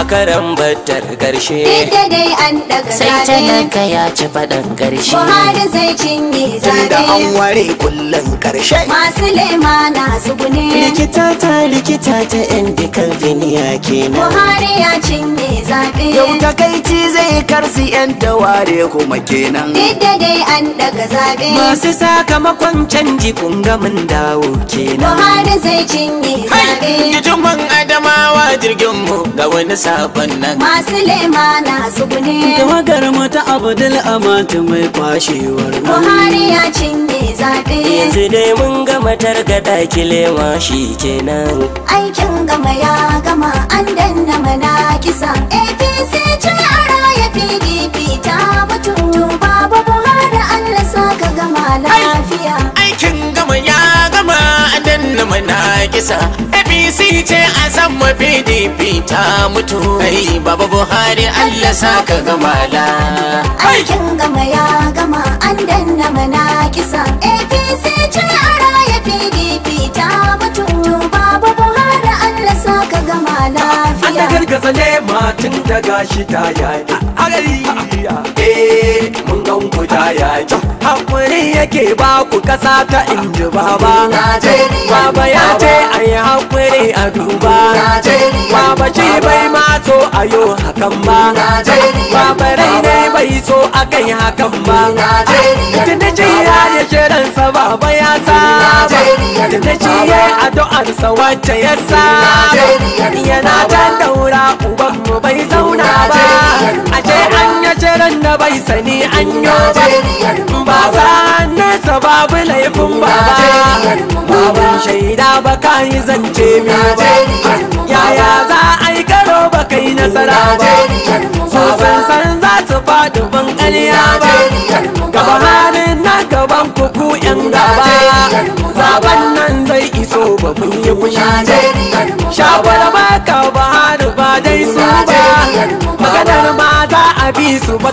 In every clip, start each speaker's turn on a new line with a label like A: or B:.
A: a karan battar karshe Ita
B: dai an daga sai daga
A: ya ci fadan karshe Buhari
B: sai cinye zaɓe Tunda an
A: ware kullum karshe
B: Masu lema na zugune Likita
C: ta likita ta yan dikal biniya kenan Buhari ya
B: cinye zaɓe Yau
A: takaici zai karsi yan daware kuma kenan
B: Ita dai an daga zaɓe Masu
A: sakamakon canji kun ga mun dawo kenan Buhari
B: zai cinye zaɓe Gijin
A: adamawa jirgin mu ga wani sabon nan masu
B: lema na tsugune tawagar
A: mata abdul amatu mai kwashewar
B: nan buhari ya cinye zaɓe yanzu
A: dai mun gama ga kilema shi kenan
B: aikin gama ya gama an danna mana kisa
D: kisa apc ce a sama pdp ta mutu kai baba buhari allah sa ka gama
A: gamala
B: aikin gama ya gama an danna mana kisa apc ce a raya pdp ta mutu baba buhari allah sa ka gama lafiya an da gargaza
E: ne matun daga gashi ta
B: yayi a
E: eh, mun gan ku ta yayi hakuri yake ba ku kasa ta inji baba baba ya ce a hakuri a duba baba shi bai ma so a hakan ba baba rai ne bai so akai hakan ba ce kiransa baba ya saba da ta ci ya addu'arsa wacce ya saba yana ta daura uban mu bai zauna ba ce an ya kiran da bai sani an yo ba ba sa nesa babu laifin ba, babun shaida ba ka yi zance mai ba yaya za a yi karo ba kai nasara ba so san san za su faɗi ban ƙarya ba gaba har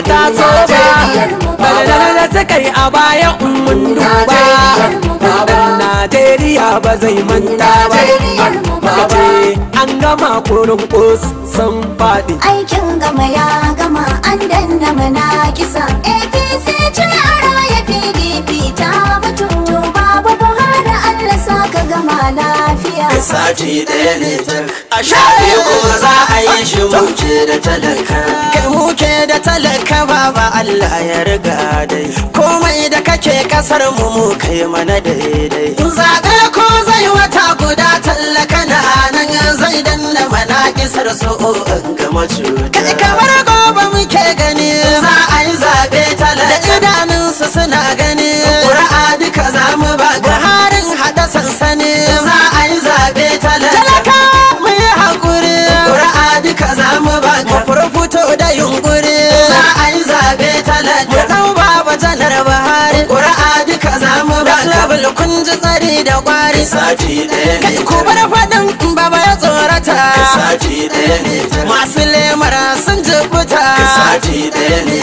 E: ta so ba da suka kai a baya mun duba baban najeriya ba
B: zai manta ba ce an gama kurin kus san faɗi aikin gama ya gama an danna mana kisa
C: sati ɗaya ne tak a shafe kuma za a yi shi muke da talaka kai muke da talaka baba Allah ya riga dai komai da kake kasar mu mu kai mana daidai zaɓe ko zai wata guda tallaka na nan zai danna mana kisar so in gama cuta kai kamar gobe muke gani masu tsari da kwari kai bar faɗin baba ya tsorata sati ɗaya masu lemara sun jibuta sati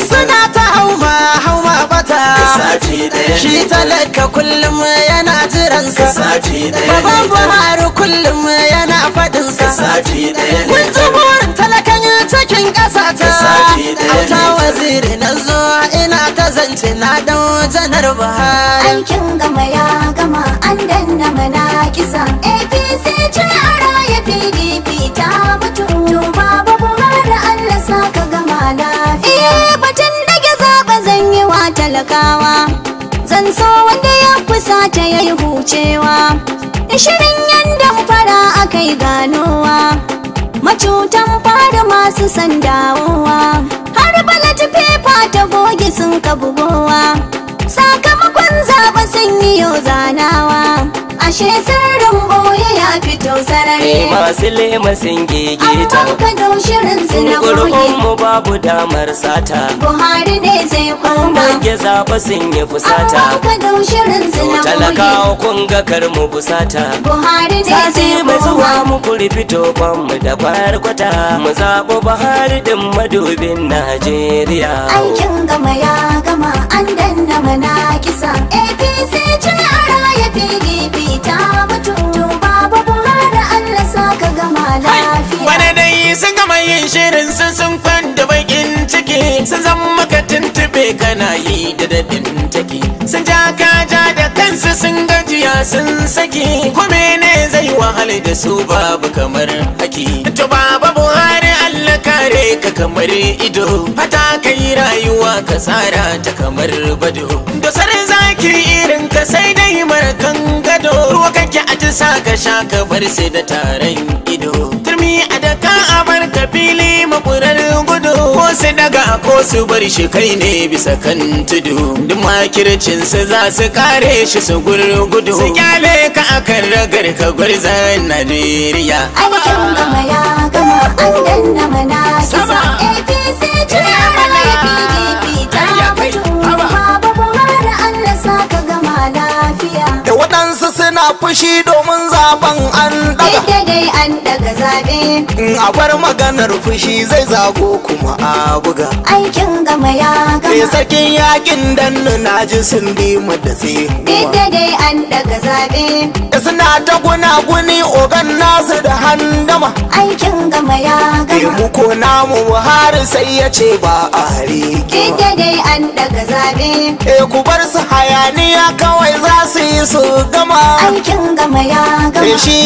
C: suna ta hauma hauma bata sati ɗaya shi talaka kullum yana jiransa sati baban buhari kullum yana faɗinsa sati ɗaya ne kun ji burin talakan
B: cikin ƙasa ta auta waziri na zo ina zance na dawo janar buhari aikin gama ya gama an danna mana kisa apc ce a raya pdp ta mutu to baba buhari allah saka gama lafiya eh batun dage zaɓa zan yi wa talakawa zan so wanda ya fusata ya yi hucewa shirin yanda fara akai ganowa macutan fara masu sandawowa sun ka bugowa sakamakon zaba sun yi yau zanawa ashe sirrin boye ya fito sarari
A: masu lema sun gegeta an ka daushe mu babu damar sata
B: buhari ne zai kwana rage
A: zaba sun yi fusata
B: talakawa
A: kun ga kar busata
B: buhari ne zai koma. mai zuwa
A: mu kuri fito mu da kwarkwata mu zaɓo buhari din madubin najeriya aikin
B: gama ya gama an danna mana kisa
D: sun kwanda bakin ciki sun zan maka tuntube kana yi da daɗin take sun ja kaja da kansu sun gajiya sun saki kuma ne zai wahala da su babu kamar haki to baba buhari allah kare ka kamar ido Hata kai rayuwa ka tsara ta kamar bado dosar zaki irin ka sai dai markan gado ruwa kake a ji sa ka sha ka bar sai da taron ido turmi a daka a fili haƙurar gudu ko su daga ko su bar shi kai ne bisa kan tudu duk za su kare shi su gurgudu su kyale ka akan ragar ka gwarzan najeriya aikin
B: gama ya gama an mana ta mutu
D: na fushi domin zaben an daga Ita dai
B: an daga zaɓe
D: In bar maganar fushi zai zago kuma a buga Aikin gama ya gama Sai eh, sakin yakin dannu na ji sun bi mu da Ita
B: dai an daga zaɓe Suna ta
D: guna-guni ogan nasu da handama Aikin gama ya gama eh, Mu ko namu har sai ya ce ba a hari
B: Ita dai an daga zaɓe
D: E ku bar su hayaniya kawai za su yi su
B: gama kin gama ya gama shi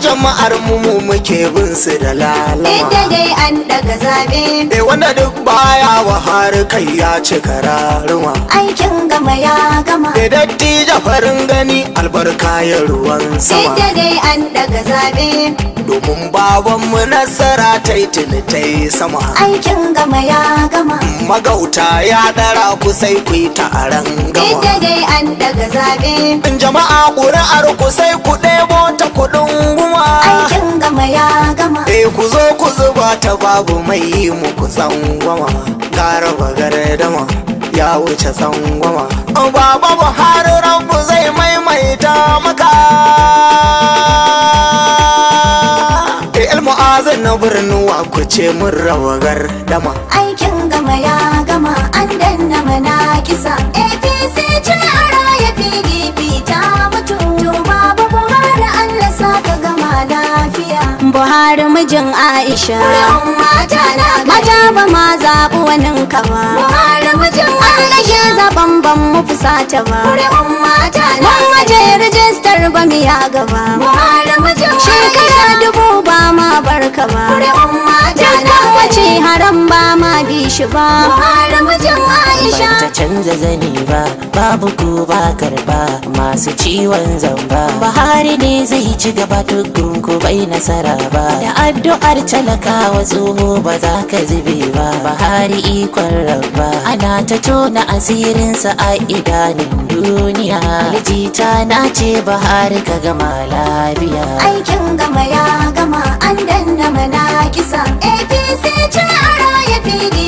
D: jama'ar mu mu muke bin su da lalama inda eh,
B: dai an daga zabe
D: E, wanda duk baya wa har kai ya ci kararuma aikin
B: gama ya gama
D: da eh, datti da farin gani albarka ya ruwan sama inda
B: dai an daga zabe
D: domin babanmu nasara ta yi tuni ta yi sama
B: aikin gama ya gama
D: magauta ya dara ku sai ku yi taron
B: gama ita dai an daga zaɓe jama'a ƙuri'ar ku sai ku ɗebo ta kuɗin guma aikin gama ya gama
D: eh ku zo ku zuba ta babu mai yi muku tsangwama gara bagardama ya wuce tsangwama baba buhari rabu zai maimaita maka ku ce mun rawagar dama
B: aikin gama ya gama an danna mana kisa eh, buhari mijin aisha mata ba ma zaɓi wanin ka ba Allah shi zaɓen ban mu fusata ba mun waje rijistar ba mu ya gaba shekara dubu ba ma barka ba dukkan wace haram ba ma bi shi ba Aisha.
C: ta canza zani ba babu ku ba karba masu ciwon zamba Buhari ne zai ci gaba tukun ku bai nasara ba da addu'ar talakawa tsoho ba za ka zube ba bahari ikon rabba ana ta tona asirinsa a idanun duniya rijita na ce bahari ka gama lafiya
B: aikin gama ya gama an danna mana kisa apc ce a raya fili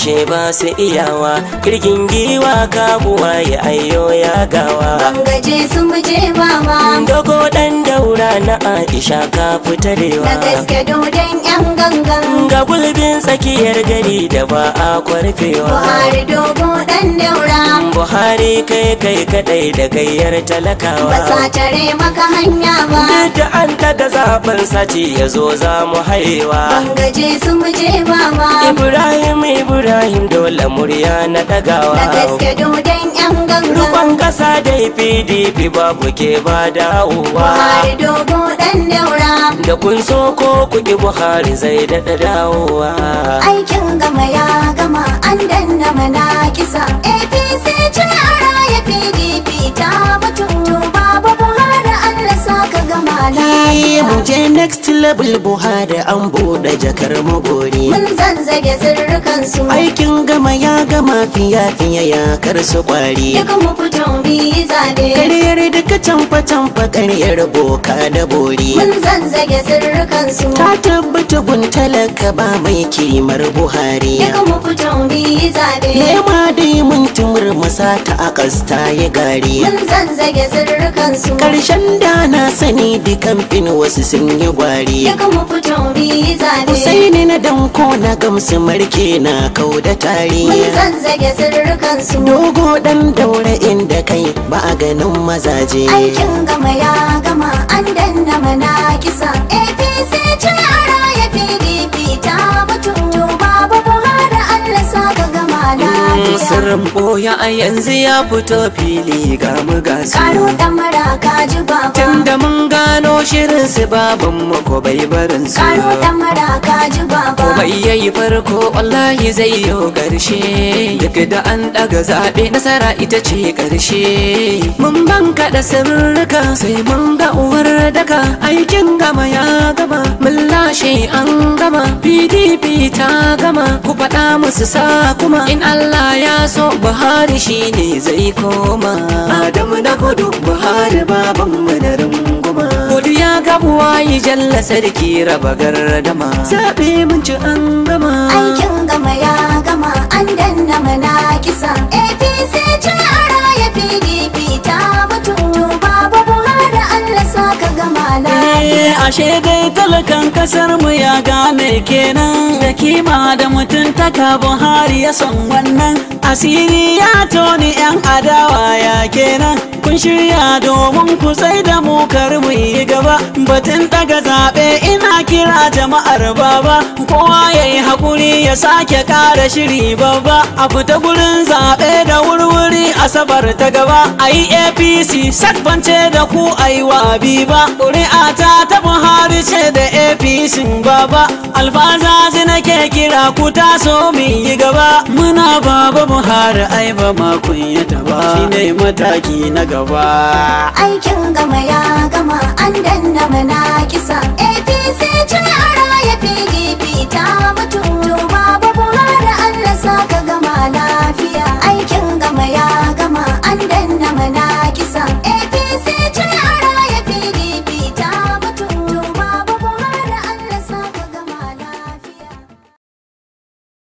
A: ashe ba su iyawa kirgin giwa buwa, ya ayo ya gawa
B: gaje sun muje mama dogo
A: dan daura na aisha ka fitarewa da gaske
B: dodon yan gangan
A: ga gulbin tsakiyar gari da ba a kwarfewa
B: buhari dogo dan daura buhari
A: kai kai kadai da gayyar talakawa ba sa
B: tare maka hanya ba
A: da an taga zaben sace ya zo za mu haiwa
B: gaje sun muje mama ibrahim
A: ibrahim Ibrahim dole murya na dagawa. Da gaske
B: dudan yan ganga. Rukon
A: kasa dai PDP babu ke ba dawowa.
B: Buhari dogo dan daura.
A: Da kun so ko kuki Buhari zai da dawowa.
B: Aikin gama ya gama an danna mana kisa. APC ce a raya PDP ta ba. Buhari mu
C: je next level Buhari an buɗe jakar magori mun
B: zanzage sirrukan su aikin
C: gama ya gama fiya fiya ya kar su kwari duk
B: mu fito bi zabe
C: canfa-canfa karyar boka da bori mun
B: zanzage su. ta
C: tabbata gun talaka ba mai kimar buhari daga
B: muku tauni zabe nema
C: dai mun tumur ta a kasta ya gari mun
B: zanzage su. karshen
C: da na sani di kamfin wasu sun yi gwari daga
B: muku tauni zabe Usaini
C: na danko na gamsu marke na kau da mun
B: zanzage su. dogo dan daure
C: inda kai ba a ganin mazaje aikin
B: gama ya gama an danna mana kisa apc ce a raya pdp ta mutu babu buhari allah sa ka gama lafiya mm,
A: sirrin boya a yanzu ya fito fili ga mu gasu karo
B: ɗan ka ji baba tun da mun Kano shirin
A: su baban muku bai barin su.
B: ka ji baba. bai yayi
A: farko wallahi zai o karshe. Duk da an daga zabe nasara ita ce karshe. Mun banka da sirrika sai mun ga uwar daga
E: aikin gama ya gama. Mun lashe an gama PDP ta gama
A: ku faɗa musu sa kuma in Allah ya so Buhari shine zai koma. Adamu na kudu Buhari babanmu mu na rungu. babu yi jalla sarki raba garradama zaɓe mun ci an gama aikin
B: gama ya gama an danna mana kisa apc ce a raya pdp ta mutu babu buhari allah saka gama na
A: ashe dai talakan kasar mu ya gane kenan da kima da mutuntaka buhari ya san wannan asiri ya toni yan adawa ya kenan kun shirya domin ku sai da mu kar mu yi gaba batun daga zaɓe ina kira jama'ar baba kowa ya yi haƙuri ya sake ƙara shiri babba a fita gurin zaɓe da wurwuri asabar ta gaba a yi apc sakbance da ku a yi wa biba ƙuri'a ta ta Buhari ce da APC baba na ke kira ku so mu yi gaba muna baba Buhari ai ba ma kunyata ba shine mataki na gaba
B: aikin gama ya